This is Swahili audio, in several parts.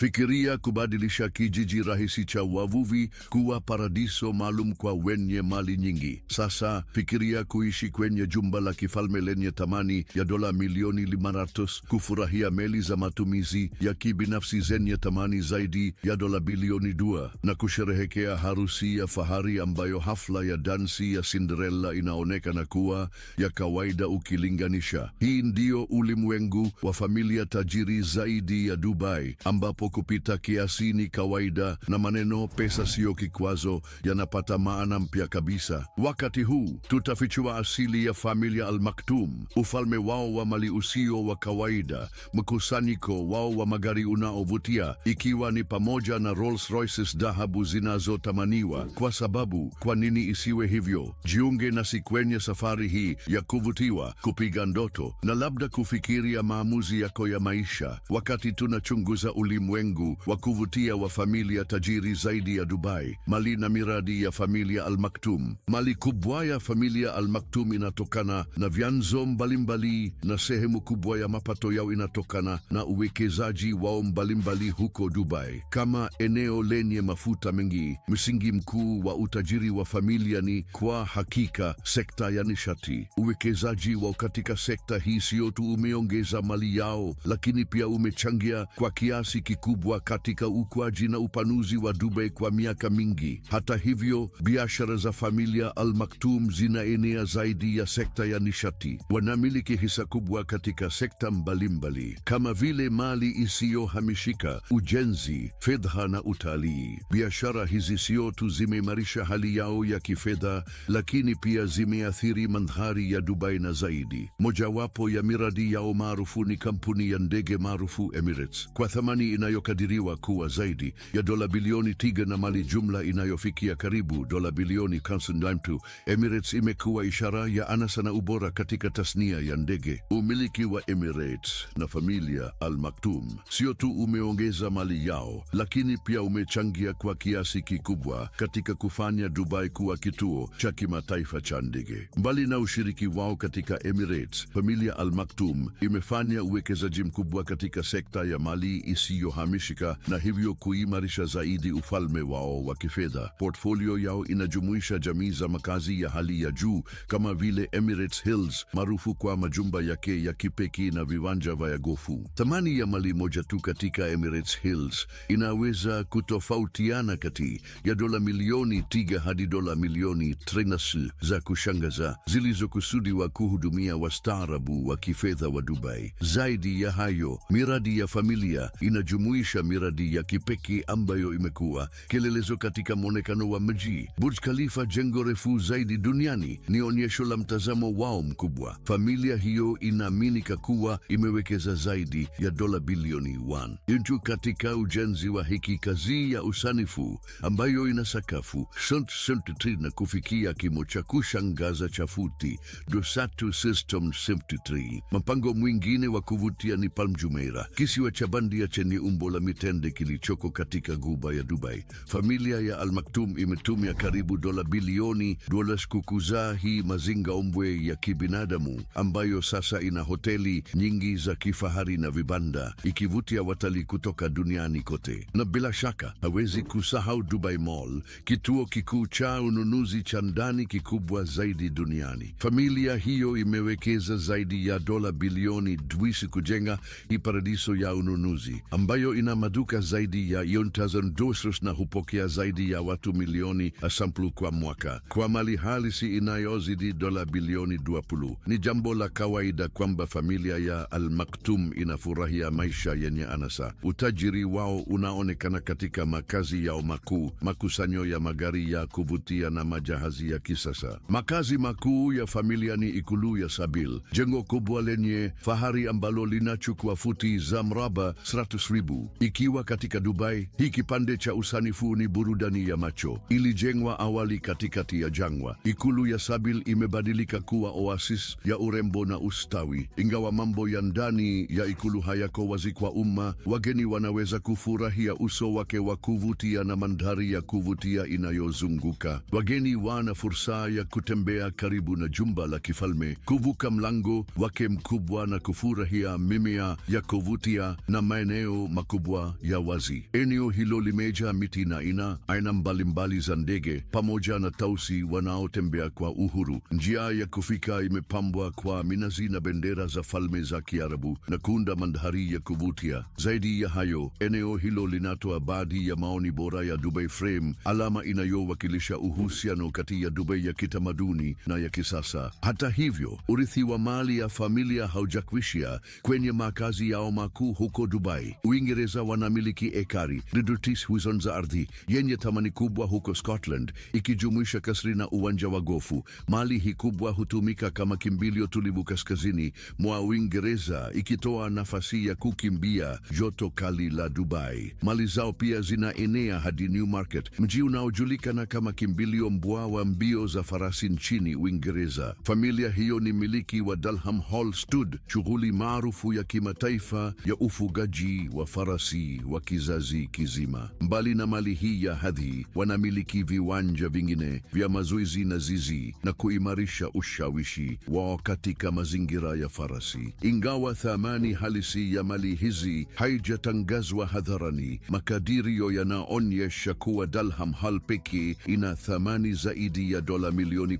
Fikiria kubadilisha kijiji rahisi cha wavuvi kuwa paradiso maalum kwa wenye mali nyingi. Sasa fikiria kuishi kwenye jumba la kifalme lenye thamani ya dola milioni 500, kufurahia meli za matumizi ya kibinafsi zenye thamani zaidi ya dola bilioni dua, na kusherehekea harusi ya fahari ambayo hafla ya dansi ya Cinderella inaonekana kuwa ya kawaida ukilinganisha. Hii ndio ulimwengu wa familia tajiri zaidi ya Dubai ambapo kupita kiasi ni kawaida na maneno pesa siyo kikwazo yanapata maana mpya kabisa. Wakati huu tutafichua asili ya familia Al Maktoum, ufalme wao wa mali usio wa kawaida, mkusanyiko wao wa magari unaovutia, ikiwa ni pamoja na Rolls Royces dhahabu zinazotamaniwa. Kwa sababu kwa nini isiwe hivyo? Jiunge nasi kwenye safari hii ya kuvutiwa, kupiga ndoto na labda kufikiria maamuzi yako ya maisha, wakati tunachunguza ulimwengu ulimwengu wa kuvutia wa familia tajiri zaidi ya Dubai. Mali na miradi ya familia Al Maktoum. Mali kubwa ya familia Al Maktoum inatokana na vyanzo mbalimbali na sehemu kubwa ya mapato yao inatokana na uwekezaji wao mbalimbali huko Dubai. Kama eneo lenye mafuta mengi, msingi mkuu wa utajiri wa familia ni kwa hakika sekta ya nishati. Uwekezaji wao katika sekta hii sio tu umeongeza mali yao, lakini pia umechangia kwa kiasi kikubwa kubwa katika ukuaji na upanuzi wa Dubai kwa miaka mingi. Hata hivyo, biashara za familia Al Maktoum zinaenea zaidi ya sekta ya nishati. Wanamiliki hisa kubwa katika sekta mbalimbali kama vile mali isiyohamishika, ujenzi, fedha na utalii. Biashara hizi sio tu zimeimarisha hali yao ya kifedha, lakini pia zimeathiri mandhari ya Dubai na zaidi. Mojawapo ya miradi yao maarufu ni kampuni ya ndege maarufu Emirates kwa thamani inayo inayokadiriwa kuwa zaidi ya dola bilioni tiga na mali jumla inayofikia karibu dola bilioni tatu. Emirates imekuwa ishara ya anasa na ubora katika tasnia ya ndege. Umiliki wa Emirates na familia Al Maktoum sio tu umeongeza mali yao, lakini pia umechangia kwa kiasi kikubwa katika kufanya Dubai kuwa kituo cha kimataifa cha ndege. Mbali na ushiriki wao katika Emirates, familia Al Maktoum imefanya uwekezaji mkubwa katika sekta ya mali isiyo kuhamishika na hivyo kuimarisha zaidi ufalme wao wa kifedha. Portfolio yao inajumuisha jamii za makazi ya hali ya juu kama vile Emirates Hills, maarufu kwa majumba yake ya kipekee na viwanja vya gofu. Thamani ya mali moja tu katika Emirates Hills inaweza kutofautiana kati ya dola milioni tiga hadi dola milioni trinasi za kushangaza zilizokusudiwa kuhudumia wastaarabu wa kifedha wa Dubai. Zaidi ya hayo, miradi ya familia inajumuisha inajumuisha miradi ya kipekee ambayo imekuwa kielelezo katika mwonekano wa mji. Burj Khalifa, jengo refu zaidi duniani, ni onyesho la mtazamo wao mkubwa. Familia hiyo inaaminika kuwa imewekeza zaidi ya dola bilioni 1 katika ujenzi wa hiki kazi ya usanifu ambayo ina sakafu na kufikia kimo cha kushangaza cha futi 3. Mpango mwingine wa kuvutia ni Palm Jumeirah, kisiwa cha bandia chenye jimbo la mitende kilichoko katika guba ya Dubai. Familia ya Al Maktoum imetumia karibu dola bilioni dola kukuzaa hii mazinga ombwe ya kibinadamu ambayo sasa ina hoteli nyingi za kifahari na vibanda, ikivutia watalii kutoka duniani kote. Na bila shaka hawezi kusahau Dubai Mall, kituo kikuu cha ununuzi cha ndani kikubwa zaidi duniani. Familia hiyo imewekeza zaidi ya dola bilioni dwisi kujenga hii paradiso ya ununuzi ambayo hiyo ina maduka zaidi ya yontazen dosus na hupokea zaidi ya watu milioni sampulu kwa mwaka kwa mali halisi inayozidi dola bilioni duapulu. Ni jambo la kawaida kwamba familia ya Al-Maktoum inafurahia maisha yenye anasa. Utajiri wao unaonekana katika makazi yao makuu, makusanyo ya magari ya kuvutia na majahazi ya kisasa. Makazi makuu ya familia ni ikulu ya Sabil, jengo kubwa lenye fahari ambalo linachukua futi za mraba 30,000 ikiwa katika Dubai, hii kipande cha usanifu ni burudani ya macho. Ilijengwa awali katikati ya jangwa. Ikulu ya Sabil imebadilika kuwa oasis ya urembo na ustawi. Ingawa mambo ya ndani ya ikulu hayako wazi kwa umma, wageni wanaweza kufurahia uso wake wa kuvutia na mandhari ya kuvutia inayozunguka. Wageni wana fursa ya kutembea karibu na jumba la kifalme, kuvuka mlango wake mkubwa na kufurahia mimea ya kuvutia na maeneo kubwa ya wazi. Eneo hilo limejaa miti na ina aina mbalimbali za ndege pamoja na tausi wanaotembea kwa uhuru. Njia ya kufika imepambwa kwa minazi na bendera za falme za Kiarabu na kunda mandhari ya kuvutia. Zaidi ya hayo, eneo hilo linatoa baadhi ya maoni bora ya Dubai Frame, alama inayowakilisha uhusiano kati ya Dubai ya kitamaduni na ya kisasa. Hata hivyo, urithi wa mali ya familia haujakwishia kwenye makazi yao makuu huko Dubai. Uingereza Waingereza wanamiliki ekari 300 za ardhi yenye thamani kubwa huko Scotland, ikijumuisha kasri na uwanja wa gofu. Mali hii kubwa hutumika kama kimbilio tulivu kaskazini mwa Uingereza, ikitoa nafasi ya kukimbia joto kali la Dubai. Mali zao pia zinaenea hadi Newmarket, mji unaojulikana kama kimbilio mbwa wa mbio za farasi nchini Uingereza. Familia hiyo ni miliki wa Dalham Hall Stud, shughuli maarufu ya kimataifa ya ufugaji wa farasi farasi wa kizazi kizima. Mbali na mali hii ya hadhi, wanamiliki viwanja vingine vya mazoezi na zizi na kuimarisha ushawishi wao katika mazingira ya farasi. Ingawa thamani halisi ya mali hizi haijatangazwa hadharani, makadirio yanaonyesha kuwa Dalham Hall pekee ina thamani zaidi ya dola milioni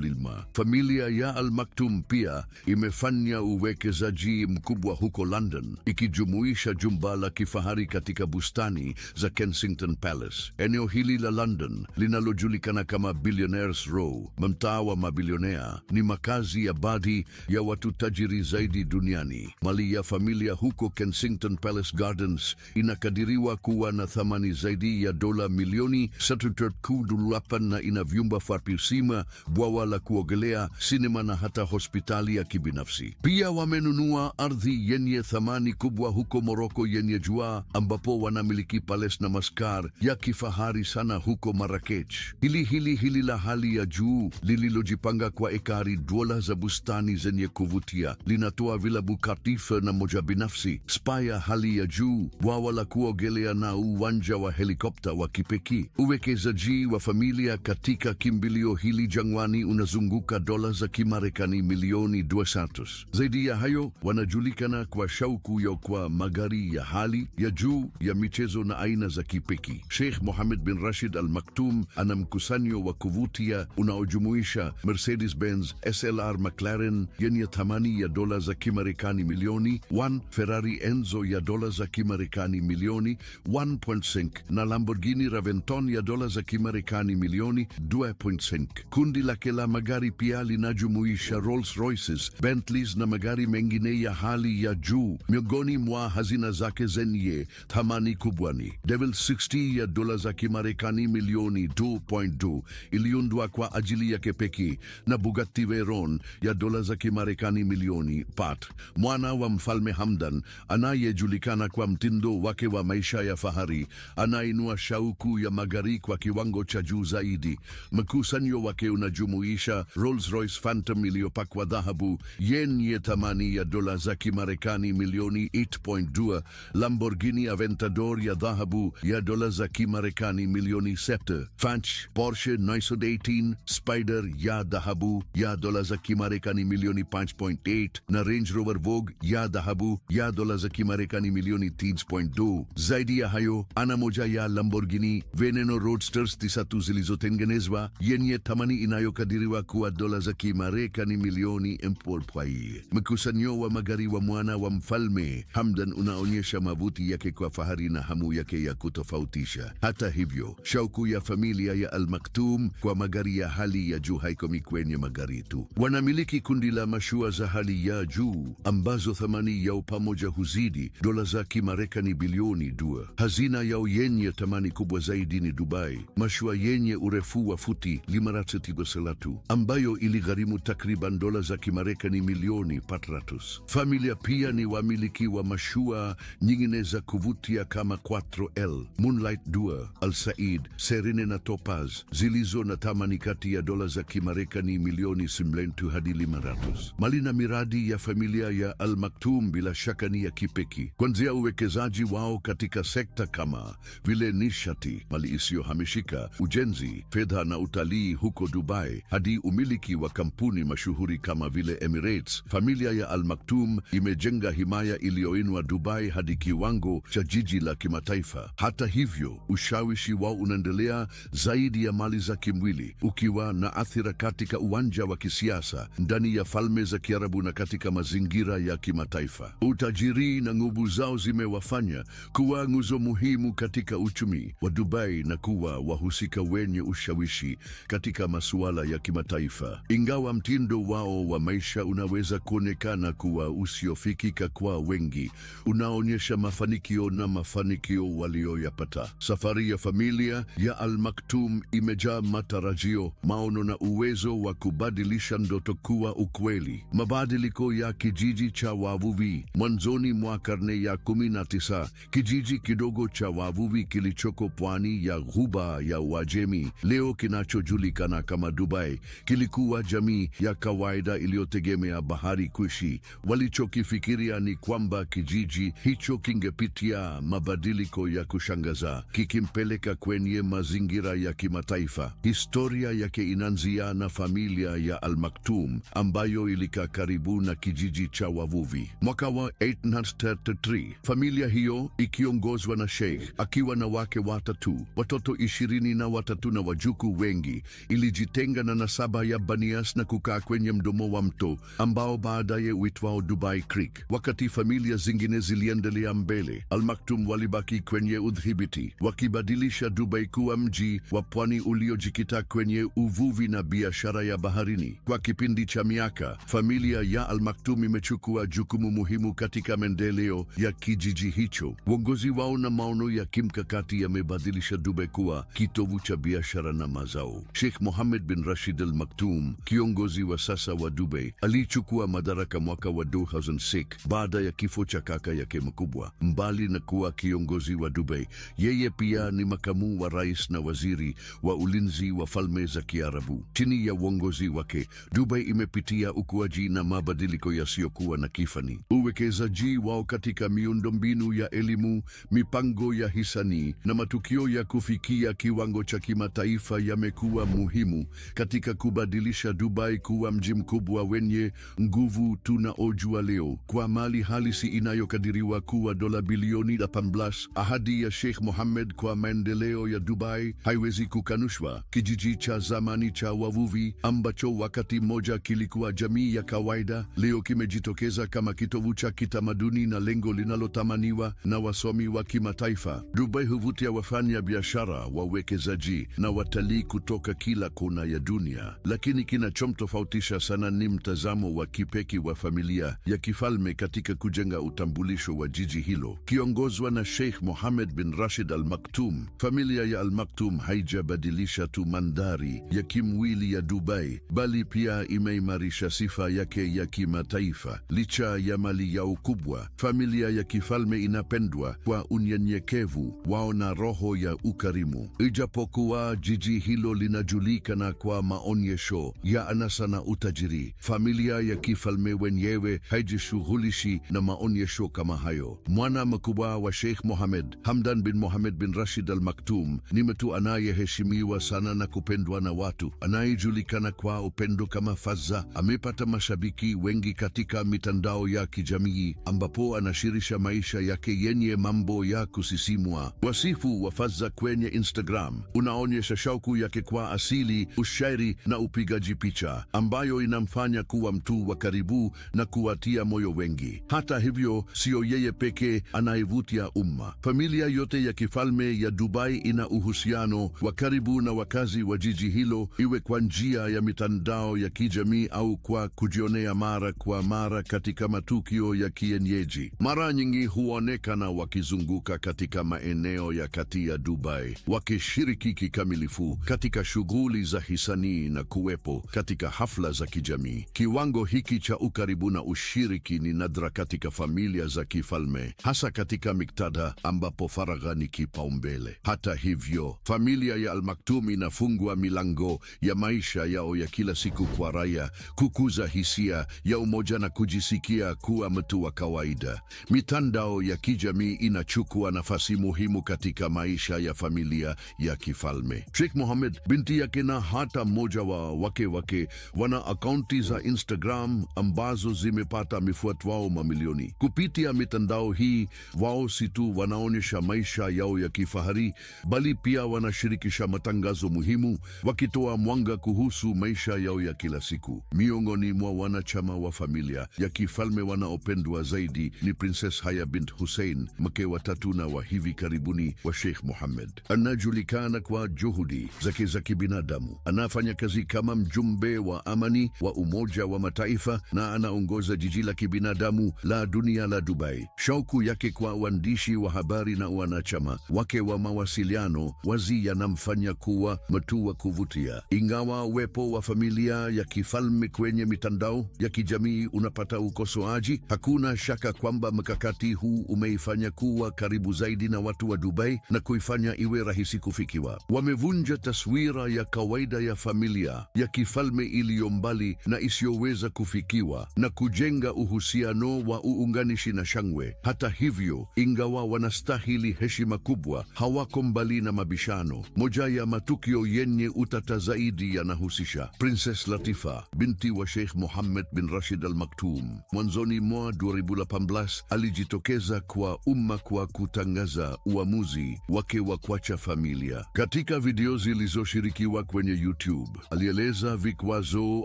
lilma. Familia ya Al Maktoum pia imefanya uwekezaji mkubwa huko London, ikijumuisha jumba la kifahari katika bustani za Kensington Palace, eneo hili la London linalojulikana kama Billionaires Row, mtaa wa mabilionea, ni makazi ya baadhi ya watu tajiri zaidi duniani. Mali ya familia huko Kensington Palace Gardens inakadiriwa kuwa na thamani zaidi ya dola milioni 38 na ina vyumba fapisima, bwawa la kuogelea, sinema na hata hospitali ya kibinafsi. Pia wamenunua ardhi yenye thamani kubwa huko Moroko yenye yenye jua ambapo wanamiliki pales na maskar ya kifahari sana huko Marrakech. Hili hili hili la hali ya juu lililojipanga kwa ekari dola za bustani zenye kuvutia linatoa vilabu katifa na moja binafsi, spa ya hali ya juu, bwawa la kuogelea na uwanja wa helikopta wa kipekee. Uwekezaji wa familia katika kimbilio hili jangwani unazunguka dola za Kimarekani milioni 200. Zaidi ya hayo, wanajulikana kwa shauku ya kwa magari ya hali ya juu ya michezo na aina za kipiki. Sheikh Mohammed bin Rashid Al Maktoum ana mkusanyo wa kuvutia unaojumuisha Mercedes-Benz SLR McLaren yenye thamani ya dola za Kimarekani milioni 1, Ferrari Enzo ya dola za Kimarekani milioni 1.5 na Lamborghini Raventon ya dola za Kimarekani milioni 2.5. Kundi lake la magari pia linajumuisha Rolls-Royces, Bentleys na magari mengine ya hali ya juu. Miongoni mwa hazina zake zenye thamani kubwa ni Devil 60 ya dola za Kimarekani milioni 2.2 iliundwa kwa ajili yake pekee na Bugatti Veyron ya dola za Kimarekani milioni pat. Mwana wa Mfalme Hamdan anayejulikana kwa mtindo wake wa maisha ya fahari anainua shauku ya magari kwa kiwango cha juu zaidi. Mkusanyo wake unajumuisha Rolls-Royce Phantom iliyopakwa dhahabu yenye thamani ya dola za Kimarekani milioni 8.2 Lamborghini Aventador ya dhahabu ya dola za Kimarekani milioni septe Fanch Porsche 918 Spider ya dhahabu ya dola za Kimarekani milioni 5.8 na Range Rover Vogue ya dhahabu ya dola za Kimarekani milioni 3.2. Zaidi ya hayo, ana moja ya Lamborghini Veneno Roadsters tisatu zilizotengenezwa yenye thamani inayokadiriwa kuwa dola za Kimarekani milioni 4. Mkusanyo wa magari wa mwana wa mfalme Hamdan unaonyesha mabuti yake kwa fahari na hamu yake ya kutofautisha. Hata hivyo, shauku ya familia ya Al Maktoum kwa magari ya hali ya juu haikomi kwenye magari tu. Wanamiliki kundi la mashua za hali ya juu ambazo thamani yao pamoja huzidi dola za Kimarekani bilioni dua. Hazina yao yenye thamani kubwa zaidi ni Dubai, mashua yenye urefu wa futi 533 ambayo iligharimu takriban dola za Kimarekani milioni patratus. Familia pia ni wamiliki wa mashua nyingi nyingine za kuvutia kama 4L, Moonlight 2, Al Said, Serene na Topaz zilizo na thamani kati ya dola za Kimarekani milioni 8 hadi 500. Mali na miradi ya familia ya Al Maktoum bila shaka ni ya kipeki kuanzia uwekezaji wao katika sekta kama vile nishati, mali isiyohamishika, ujenzi, fedha na utalii huko Dubai hadi umiliki wa kampuni mashuhuri kama vile Emirates. Familia ya Al Maktoum imejenga himaya iliyoinua Dubai hadi kiwango cha jiji la kimataifa. Hata hivyo, ushawishi wao unaendelea zaidi ya mali za kimwili, ukiwa na athira katika uwanja wa kisiasa ndani ya falme za Kiarabu na katika mazingira ya kimataifa. Utajiri na nguvu zao zimewafanya kuwa nguzo muhimu katika uchumi wa Dubai na kuwa wahusika wenye ushawishi katika masuala ya kimataifa. Ingawa mtindo wao wa maisha unaweza kuonekana kuwa usiofikika kwa wengi, unaonyesha mafanikio na mafanikio walioyapata. Safari ya familia ya Al Maktoum imejaa matarajio, maono na uwezo wa kubadilisha ndoto kuwa ukweli. Mabadiliko ya kijiji cha wavuvi. Mwanzoni mwa karne ya 19, kijiji kidogo cha wavuvi kilichoko pwani ya ghuba ya Uajemi, leo kinachojulikana kama Dubai, kilikuwa jamii ya kawaida iliyotegemea bahari kuishi. Walichokifikiria ni kwamba kijiji hicho kingepitia mabadiliko ya kushangaza kikimpeleka kwenye mazingira ya kimataifa. Historia yake inaanzia na familia ya Al-Maktoum ambayo ilikaa karibu na kijiji cha wavuvi. Mwaka wa 833 familia hiyo ikiongozwa na Sheikh akiwa na wake watatu, watoto ishirini na watatu na wajuku wengi, ilijitenga na nasaba ya Banias na kukaa kwenye mdomo wa mto ambao baadaye uitwao Dubai Creek. Wakati familia zingine ziliendelea ya mbele. Al walibaki kwenye udhibiti, wakibadilisha Dubai kuwa mji wa pwani uliojikita kwenye uvuvi na biashara ya baharini. Kwa kipindi cha miaka, familia ya Al imechukua jukumu muhimu katika maendeleo ya kijiji hicho. Uongozi wao na maono ya kimkakati yamebadilisha Dubai kuwa kitovu cha biashara na mazao. Sheikh Mohammed bin Rashid Al Maktoum, kiongozi wa sasa wa Dubai, alichukua madaraka mwaka wa 2006 baada ya kifo cha kaka yake mkubwa kubwa. Mbali na kuwa kiongozi wa Dubai, yeye pia ni makamu wa rais na waziri wa ulinzi wa Falme za Kiarabu. Chini ya uongozi wake, Dubai imepitia ukuaji na mabadiliko yasiyokuwa na kifani. Uwekezaji wao katika miundombinu ya elimu, mipango ya hisani na matukio ya kufikia kiwango cha kimataifa yamekuwa muhimu katika kubadilisha Dubai kuwa mji mkubwa wenye nguvu tunaojua leo, kwa mali halisi inayokadiriwa kuwa wa dola bilioni 18. Ahadi ya Sheikh Mohammed kwa maendeleo ya Dubai haiwezi kukanushwa. Kijiji cha zamani cha wavuvi ambacho wakati mmoja kilikuwa jamii ya kawaida, leo kimejitokeza kama kitovu cha kitamaduni na lengo linalotamaniwa na wasomi wa kimataifa. Dubai huvutia wafanya biashara, wawekezaji na watalii kutoka kila kona ya dunia, lakini kinachomtofautisha sana ni mtazamo wa kipekee wa familia ya kifalme katika kujenga utambulisho wa jiji jeshi hilo kiongozwa na Sheikh Mohammed bin Rashid Al Maktoum. Familia ya Al Maktoum haijabadilisha tu mandhari ya kimwili ya Dubai, bali pia imeimarisha sifa yake ya kimataifa. Licha ya mali yao kubwa, familia ya kifalme inapendwa kwa unyenyekevu wao na roho ya ukarimu. Ijapokuwa jiji hilo linajulikana kwa maonyesho ya anasa na utajiri, familia ya kifalme wenyewe haijishughulishi na maonyesho kama hayo. Mwana mkubwa wa Sheikh Mohamed Hamdan bin Mohamed bin Rashid Al Maktoum ni mtu anayeheshimiwa sana na kupendwa na watu, anayejulikana kwa upendo kama Fazza. Amepata mashabiki wengi katika mitandao ya kijamii, ambapo anashirisha maisha yake yenye mambo ya kusisimua. Wasifu wa Fazza kwenye Instagram unaonyesha shauku yake kwa asili, ushairi na upigaji picha, ambayo inamfanya kuwa mtu wa karibu na kuwatia moyo wengi. Hata hivyo, sio yeye peke mwanamke anayevutia umma. Familia yote ya kifalme ya Dubai ina uhusiano wa karibu na wakazi wa jiji hilo, iwe kwa njia ya mitandao ya kijamii au kwa kujionea mara kwa mara katika matukio ya kienyeji. Mara nyingi huonekana wakizunguka katika maeneo ya kati ya Dubai, wakishiriki kikamilifu katika shughuli za hisani na kuwepo katika hafla za kijamii. Kiwango hiki cha ukaribu na ushiriki ni nadra katika familia za kifalme hasa katika miktada ambapo faragha ni kipaumbele. Hata hivyo, familia ya almaktum inafungua milango ya maisha yao ya kila siku kwa raia, kukuza hisia ya umoja na kujisikia kuwa mtu wa kawaida. Mitandao ya kijamii inachukua nafasi muhimu katika maisha ya familia ya kifalme. Sheikh Mohammed, binti yake na hata mmoja wa wake wake wana akaunti za Instagram ambazo zimepata mifuatwao mamilioni kupitia mitandao hii wao si tu wanaonyesha maisha yao ya kifahari, bali pia wanashirikisha matangazo muhimu, wakitoa mwanga kuhusu maisha yao ya kila siku. Miongoni mwa wanachama wa familia ya kifalme wanaopendwa zaidi ni Princess Haya bint Hussein, mke wa tatu na wa hivi karibuni wa Sheikh Mohammed. Anajulikana kwa juhudi zake za kibinadamu, anafanya kazi kama mjumbe wa amani wa Umoja wa Mataifa na anaongoza jiji la kibinadamu la dunia la Dubai. Show shauku yake kwa uandishi wa habari na wanachama wake wa mawasiliano wazi yanamfanya kuwa mtu wa kuvutia. Ingawa uwepo wa familia ya kifalme kwenye mitandao ya kijamii unapata ukosoaji, hakuna shaka kwamba mkakati huu umeifanya kuwa karibu zaidi na watu wa Dubai na kuifanya iwe rahisi kufikiwa. Wamevunja taswira ya kawaida ya familia ya kifalme iliyo mbali na isiyoweza kufikiwa na kujenga uhusiano wa uunganishi na shangwe. Hata hivyo, ingawa wanastahili heshima kubwa, hawako mbali na mabishano. Moja ya matukio yenye utata zaidi yanahusisha Princess Latifa, binti wa Sheikh Mohammed bin Rashid Al Maktoum. Mwanzoni mwa 2018 alijitokeza kwa umma kwa kutangaza uamuzi wake wa kuacha familia. Katika video zilizoshirikiwa kwenye YouTube, alieleza vikwazo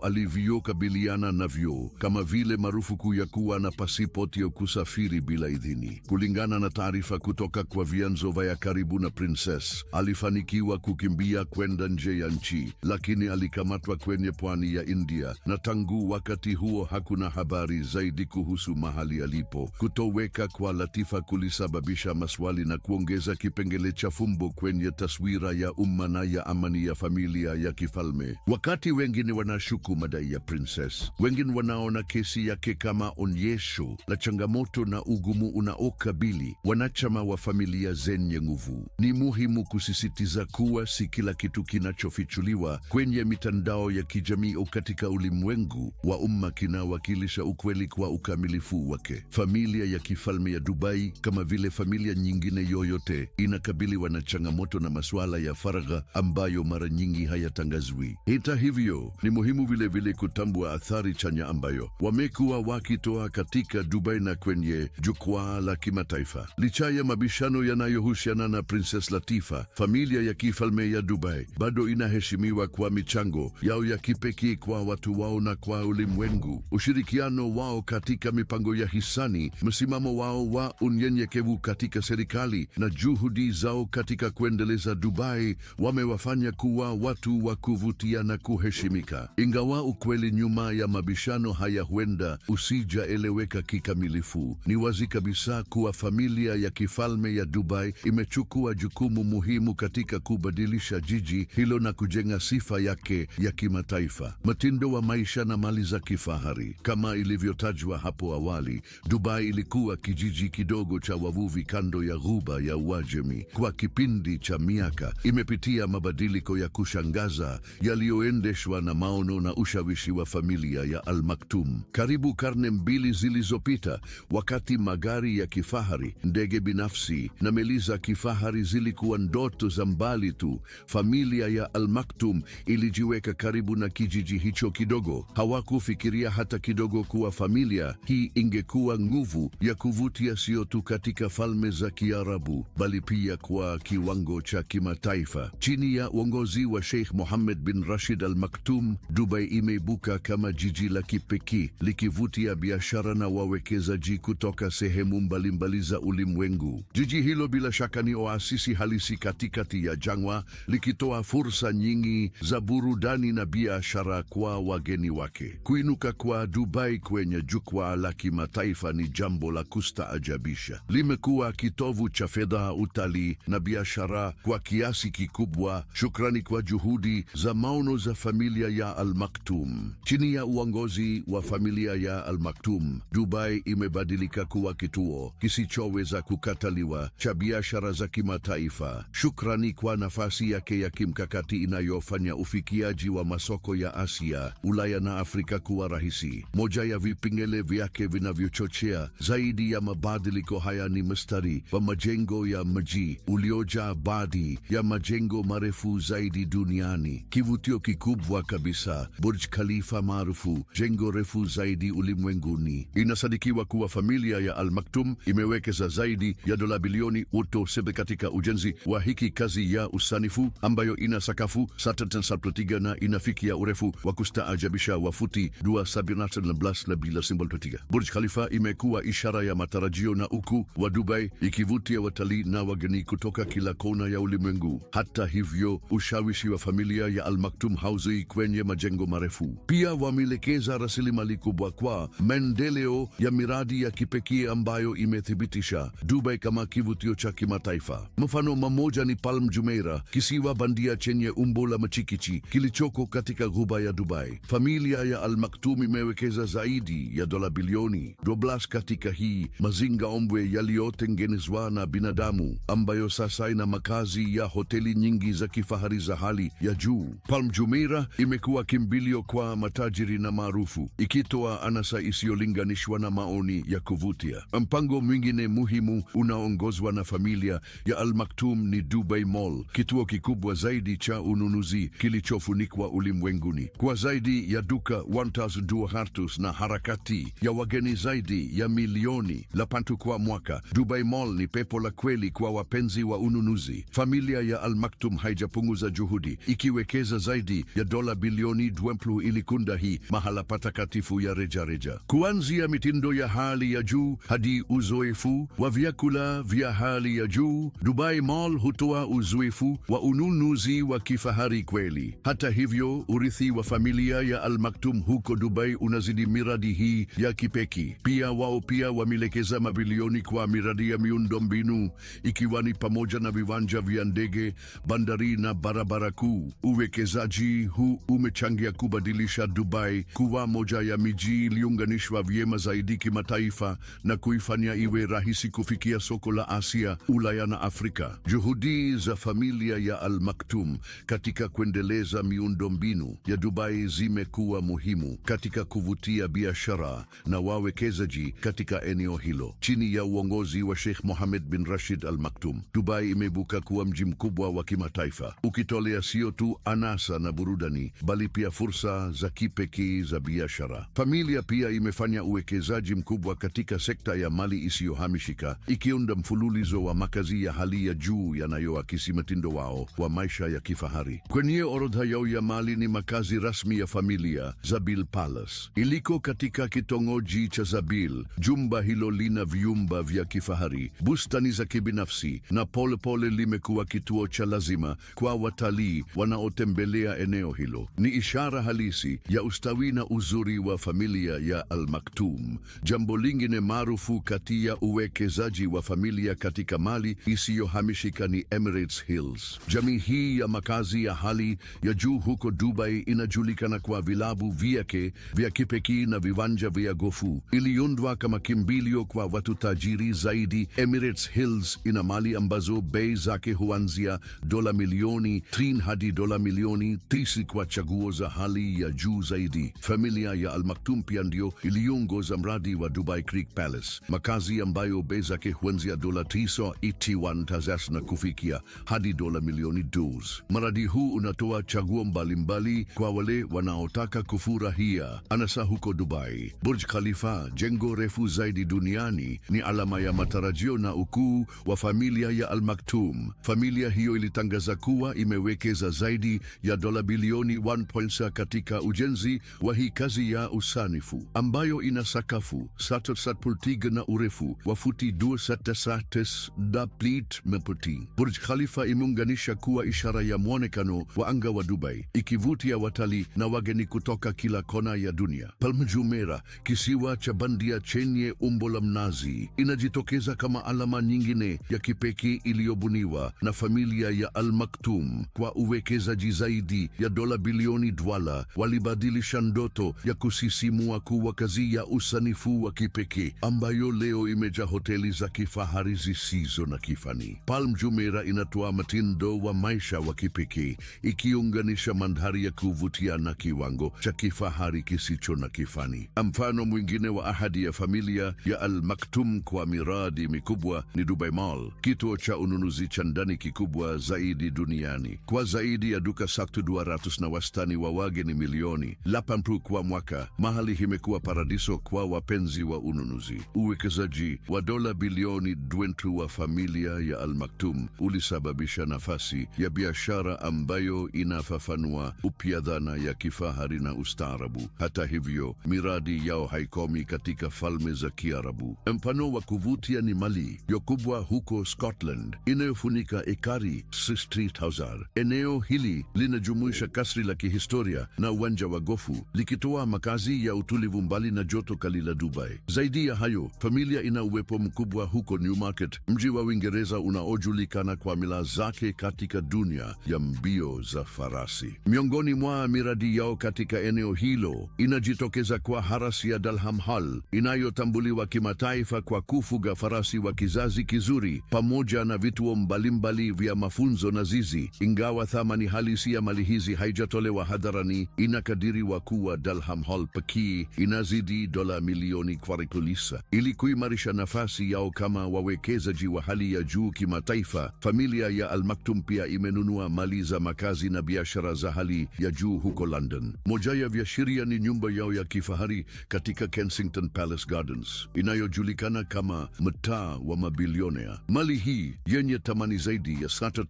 alivyokabiliana navyo kama vile marufuku ya kuwa na pasipoti ya kusafiri bila idhini. Kulingana na taarifa kutoka kwa vyanzo vya karibu na Princess, alifanikiwa kukimbia kwenda nje ya nchi, lakini alikamatwa kwenye pwani ya India, na tangu wakati huo hakuna habari zaidi kuhusu mahali alipo. Kutoweka kwa Latifa kulisababisha maswali na kuongeza kipengele cha fumbo kwenye taswira ya umma na ya amani ya familia ya kifalme. Wakati wengine wanashuku madai ya Princess, wengine wanaona kesi yake kama onyesho la changamoto na ugumu muhimu unaokabili wanachama wa familia zenye nguvu. Ni muhimu kusisitiza kuwa si kila kitu kinachofichuliwa kwenye mitandao ya kijamii au katika ulimwengu wa umma kinawakilisha ukweli kwa ukamilifu wake. Familia ya kifalme ya Dubai, kama vile familia nyingine yoyote, inakabiliwa na changamoto na masuala ya faragha ambayo mara nyingi hayatangazwi. Hata hivyo, ni muhimu vilevile kutambua athari chanya ambayo wamekuwa wakitoa katika Dubai na kwenye jukwaa jukwaa la kimataifa. Licha ya mabishano yanayohusiana na Princess Latifa, familia ya kifalme ya Dubai bado inaheshimiwa kwa michango yao ya kipekee kwa watu wao na kwa ulimwengu, ushirikiano wao katika mipango ya hisani, msimamo wao wa unyenyekevu katika serikali na juhudi zao katika kuendeleza Dubai wamewafanya kuwa watu wa kuvutia na kuheshimika. Ingawa ukweli nyuma ya mabishano haya huenda usijaeleweka kikamilifu, ni wazi kabisa kuwa familia ya kifalme ya Dubai imechukua jukumu muhimu katika kubadilisha jiji hilo na kujenga sifa yake ya kimataifa. Mtindo wa maisha na mali za kifahari. Kama ilivyotajwa hapo awali, Dubai ilikuwa kijiji kidogo cha wavuvi kando ya ghuba ya Uajemi. Kwa kipindi cha miaka, imepitia mabadiliko ya kushangaza yaliyoendeshwa na maono na ushawishi wa familia ya Al Maktoum. Karibu karne mbili zilizopita, wakati maga magari ya kifahari, ndege binafsi na meli za kifahari zilikuwa ndoto za mbali tu. Familia ya Al Maktoum ilijiweka karibu na kijiji hicho kidogo. Hawakufikiria hata kidogo kuwa familia hii ingekuwa nguvu ya kuvutia, sio tu katika falme za Kiarabu, bali pia kwa kiwango cha kimataifa. Chini ya uongozi wa Sheikh Mohammed bin Rashid Al Maktoum, Dubai imeibuka kama jiji la kipekee likivutia biashara na wawekezaji kutoka sehemu sehemu mbalimbali za ulimwengu. Jiji hilo bila shaka ni oasisi halisi katikati ya jangwa, likitoa fursa nyingi za burudani na biashara kwa wageni wake. Kuinuka kwa Dubai kwenye jukwaa la kimataifa ni jambo la kustaajabisha. Limekuwa kitovu cha fedha, utalii na biashara kwa kiasi kikubwa, shukrani kwa juhudi za maono za familia ya Al Maktoum. Chini ya uongozi wa familia ya Al Maktoum, Dubai imebadilika kuwa kituo kisichoweza kukataliwa cha biashara za kimataifa. Shukrani kwa nafasi yake ya kimkakati inayofanya ufikiaji wa masoko ya Asia, Ulaya na Afrika kuwa rahisi. Moja ya vipengele vyake vinavyochochea zaidi ya mabadiliko haya ni mstari wa majengo ya mji uliojaa baadhi ya majengo marefu zaidi duniani. Kivutio kikubwa kabisa, Burj Khalifa maarufu, jengo refu zaidi ulimwenguni, inasadikiwa kuwa familia ya al Maktum imewekeza zaidi ya dola bilioni sebe katika ujenzi wa hiki kazi ya usanifu ambayo ina sakafu satansaplatiga na inafikia urefu wa kustaajabisha wa futi dua sabinatan blas la bila simbol twatiga. Burj Khalifa imekuwa ishara ya matarajio na uku wa Dubai, ikivutia watalii na wageni kutoka kila kona ya ulimwengu. Hata hivyo, ushawishi wa familia ya Al Maktum hauzui kwenye majengo marefu. Pia wameelekeza rasilimali kubwa kwa maendeleo ya miradi ya kipekee ambayo imethibitisha Dubai kama kivutio cha kimataifa. Mfano mmoja ni Palm Jumeirah, kisiwa bandia chenye umbo la machikichi kilichoko katika ghuba ya Dubai. Familia ya Al Maktoum imewekeza zaidi ya dola bilioni 12 katika hii mazinga ombwe yaliyotengenezwa na binadamu, ambayo sasa ina makazi ya hoteli nyingi za kifahari za hali ya juu. Palm Jumeirah imekuwa kimbilio kwa matajiri na maarufu, ikitoa anasa isiyolinganishwa na maoni ya kuvutia. Mpango mwingine muhimu unaongozwa na familia ya Al Maktoum ni Dubai Mall, kituo kikubwa zaidi cha ununuzi kilichofunikwa ulimwenguni kwa zaidi ya duka 1200 na harakati ya wageni zaidi ya milioni la pantu kwa mwaka. Dubai Mall ni pepo la kweli kwa wapenzi wa ununuzi. Familia ya Al Maktoum haijapunguza juhudi, ikiwekeza zaidi ya dola bilioni dwemplu ili kunda hii mahala patakatifu ya rejareja, kuanzia mitindo ya hali ya juu hadi hadi uzoefu wa vyakula vya hali ya juu. Dubai Mall hutoa uzoefu wa ununuzi wa kifahari kweli. Hata hivyo, urithi wa familia ya Al Maktoum huko Dubai unazidi miradi hii ya kipeki Pia wao pia wamelekeza mabilioni kwa miradi ya miundombinu, ikiwa ni pamoja na viwanja vya ndege, bandari na barabara kuu. Uwekezaji huu umechangia kubadilisha Dubai kuwa moja ya miji iliyounganishwa vyema zaidi kimataifa na ku kuifanya iwe rahisi kufikia soko la Asia, Ulaya na Afrika. Juhudi za familia ya Al Maktoum katika kuendeleza miundombinu ya Dubai zimekuwa muhimu katika kuvutia biashara na wawekezaji katika eneo hilo. Chini ya uongozi wa Sheikh Mohammed bin Rashid Al Maktoum, Dubai imebuka kuwa mji mkubwa wa kimataifa, ukitolea sio tu anasa na burudani, bali pia fursa za kipekee za biashara. Familia pia imefanya uwekezaji mkubwa katika sekta ya ya mali isiyohamishika ikiunda mfululizo wa makazi ya hali ya juu yanayoakisi mtindo wao wa maisha ya kifahari. Kwenye orodha yao ya mali ni makazi rasmi ya familia Zabil Palace iliko katika kitongoji cha Zabil. Jumba hilo lina vyumba vya kifahari, bustani za kibinafsi na polepole limekuwa kituo cha lazima kwa watalii wanaotembelea eneo hilo. Ni ishara halisi ya ustawi na uzuri wa familia ya Al Maktoum. Jambo lingine maarufu kukatia kati ya uwekezaji wa familia katika mali isiyohamishika ni Emirates Hills. Jamii hii ya makazi ya hali ya juu huko Dubai inajulikana kwa vilabu vyake vya kipekee na viwanja vya gofu. Iliundwa kama kimbilio kwa watu tajiri zaidi, Emirates Hills ina mali ambazo bei zake huanzia dola milioni 3 hadi dola milioni 9 kwa chaguo za hali ya juu zaidi. Familia ya Al Maktoum pia ndio iliongoza mradi wa Dubai Creek Palace makazi ambayo bei zake huanzia dola 981 na kufikia hadi dola milioni 2. Mradi huu unatoa chaguo mbalimbali kwa wale wanaotaka kufurahia anasa huko Dubai. Burj Khalifa, jengo refu zaidi duniani, ni alama ya matarajio na ukuu wa familia ya Al Maktoum. Familia hiyo ilitangaza kuwa imewekeza zaidi ya dola bilioni 1.7 katika ujenzi wa hii kazi ya usanifu ambayo ina sakafu satosatpultiga na urefu wa futi 2.9 mepoti. Burj Khalifa imeunganisha kuwa ishara ya mwonekano wa anga wa Dubai, ikivutia watalii na wageni kutoka kila kona ya dunia. Palm Jumeirah, kisiwa cha bandia chenye umbo la mnazi, inajitokeza kama alama nyingine ya kipekee iliyobuniwa na familia ya Al Maktoum kwa uwekezaji zaidi ya dola bilioni dwala. Walibadilisha ndoto ya kusisimua kuwa kazi ya usanifu wa kipekee ambayo ambayo leo imejaa hoteli za kifahari zisizo na kifani. Palm Jumeirah inatoa mtindo wa maisha wa kipekee, ikiunganisha mandhari ya kuvutia na kiwango cha kifahari kisicho na kifani. Mfano mwingine wa ahadi ya familia ya Al Maktoum kwa miradi mikubwa ni Dubai Mall, kituo cha ununuzi cha ndani kikubwa zaidi duniani, kwa zaidi ya duka saktu ratus na wastani wa wageni milioni 8 kwa mwaka. Mahali himekuwa paradiso kwa wapenzi wa ununuzi uwekezaji wa dola bilioni 20 wa familia ya Al Maktoum ulisababisha nafasi ya biashara ambayo inafafanua upya dhana ya kifahari na ustaarabu. Hata hivyo, miradi yao haikomi katika falme za Kiarabu. Mfano wa kuvutia ni Mali yokubwa huko Scotland inayofunika ekari 63,000. Eneo hili linajumuisha kasri la kihistoria na uwanja wa gofu likitoa makazi ya utulivu mbali na joto kali la Dubai. Zaidi ya hayo, Familia ina uwepo mkubwa huko Newmarket, mji wa Uingereza unaojulikana kwa mila zake katika dunia ya mbio za farasi. Miongoni mwa miradi yao katika eneo hilo inajitokeza kwa harasi ya Dalham Hall inayotambuliwa kimataifa kwa kufuga farasi wa kizazi kizuri, pamoja na vituo mbalimbali vya mafunzo na zizi. Ingawa thamani halisi ya mali hizi haijatolewa hadharani, inakadiriwa kuwa Dalham Hall pekee inazidi dola milioni 49. Ili kuimarisha nafasi yao kama wawekezaji wa hali ya juu kimataifa, familia ya Al Maktoum pia imenunua mali za makazi na biashara za hali ya juu huko London. Moja ya viashiria ni nyumba yao ya kifahari katika Kensington Palace Gardens inayojulikana kama mtaa wa mabilionea. Mali hii yenye thamani zaidi ya sata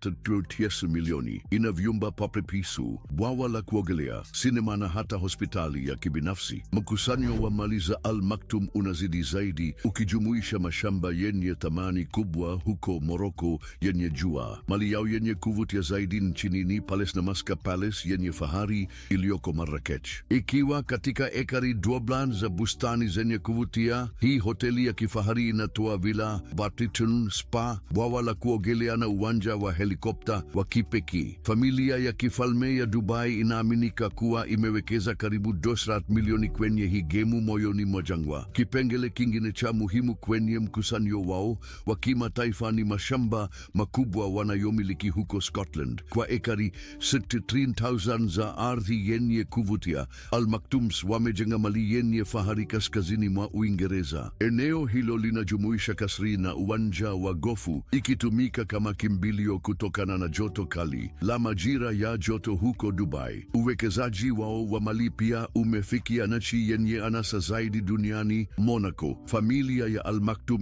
milioni ina vyumba papepisu, bwawa la kuogelea, sinema na hata hospitali ya kibinafsi. Mkusanyo wa mali za Al Maktoum unazidi zaidi Mashariki ukijumuisha mashamba yenye thamani kubwa huko Moroko yenye jua. Mali yao yenye kuvutia zaidi nchini ni Palace na Palace yenye fahari iliyoko Marrakech, ikiwa katika ekari doblan za bustani zenye kuvutia. Hii hoteli ya kifahari inatoa villa, barbiton, spa, bwawa la kuogelea na uwanja wa helikopta wa kipekee. Familia ya kifalme ya Dubai inaaminika kuwa imewekeza karibu dosrat milioni kwenye hii gemu moyoni mwa jangwa. Kipengele kingine cha muhimu kwenye mkusanyo wao wa kimataifa ni mashamba makubwa wanayomiliki huko Scotland kwa ekari 63,000 za ardhi yenye kuvutia. Al Maktoums wamejenga mali yenye fahari kaskazini mwa Uingereza. Eneo hilo linajumuisha kasri na uwanja wa gofu, ikitumika kama kimbilio kutokana na joto kali la majira ya joto huko Dubai. Uwekezaji wao wa mali pia umefikia nchi yenye anasa zaidi duniani, Monaco. Familia ya al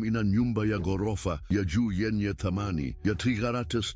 ina nyumba ya ghorofa ya juu yenye thamani ya Trigarates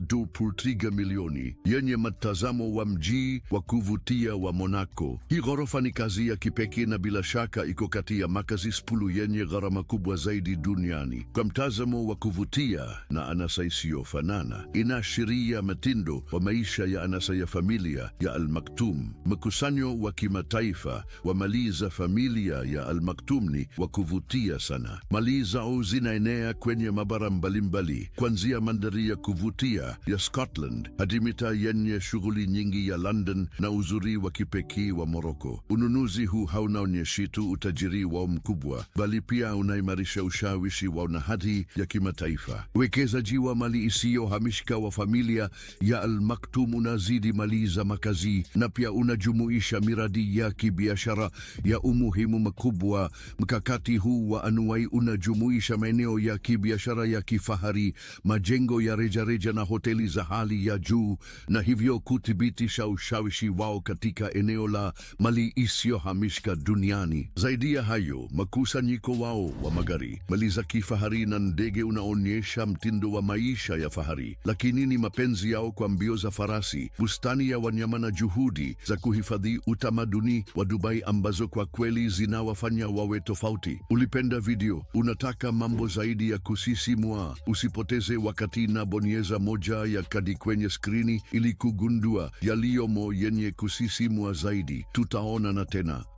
milioni yenye matazamo wa mji wa kuvutia wa Monaco. Hii ghorofa ni kazi ya kipekee na bila shaka iko kati ya makazi spulu yenye gharama kubwa zaidi duniani. Kwa mtazamo wa kuvutia na anasa isiyofanana, inaashiria mtindo wa maisha ya anasa ya familia ya Al-Maktoum. Mkusanyo wa kimataifa wa mali za familia ya Al-Maktoum ni wa kuvutia sana. Mali zao zinaenea kwenye mabara mbalimbali, kuanzia mandhari ya kuvutia ya Scotland hadi mitaa yenye shughuli nyingi ya London na uzuri wa kipekee wa Morocco. Ununuzi huu haunaonyeshi tu utajiri wao mkubwa, bali pia unaimarisha ushawishi wao na hadhi ya kimataifa. Uwekezaji wa mali isiyohamishika wa familia ya Al Maktoum unazidi mali za makazi na pia unajumuisha miradi ya kibiashara ya umuhimu mkubwa. Mkakati huu wa anuwai unajumuisha maeneo ya kibiashara ya kifahari, majengo ya rejareja na hoteli za hali ya juu, na hivyo kuthibitisha ushawishi wao katika eneo la mali isiyohamishika duniani. Zaidi ya hayo, makusanyiko wao wa magari, mali za kifahari na ndege unaonyesha mtindo wa maisha ya fahari, lakini ni mapenzi yao kwa mbio za farasi, bustani ya wanyama na juhudi za kuhifadhi utamaduni wa Dubai ambazo kwa kweli zinawafanya wawe tofauti. Ulipenda video. Unataka mambo zaidi ya kusisimua? Usipoteze wakati na bonyeza moja ya kadi kwenye skrini ili kugundua yaliyomo yenye kusisimua zaidi. Tutaonana tena.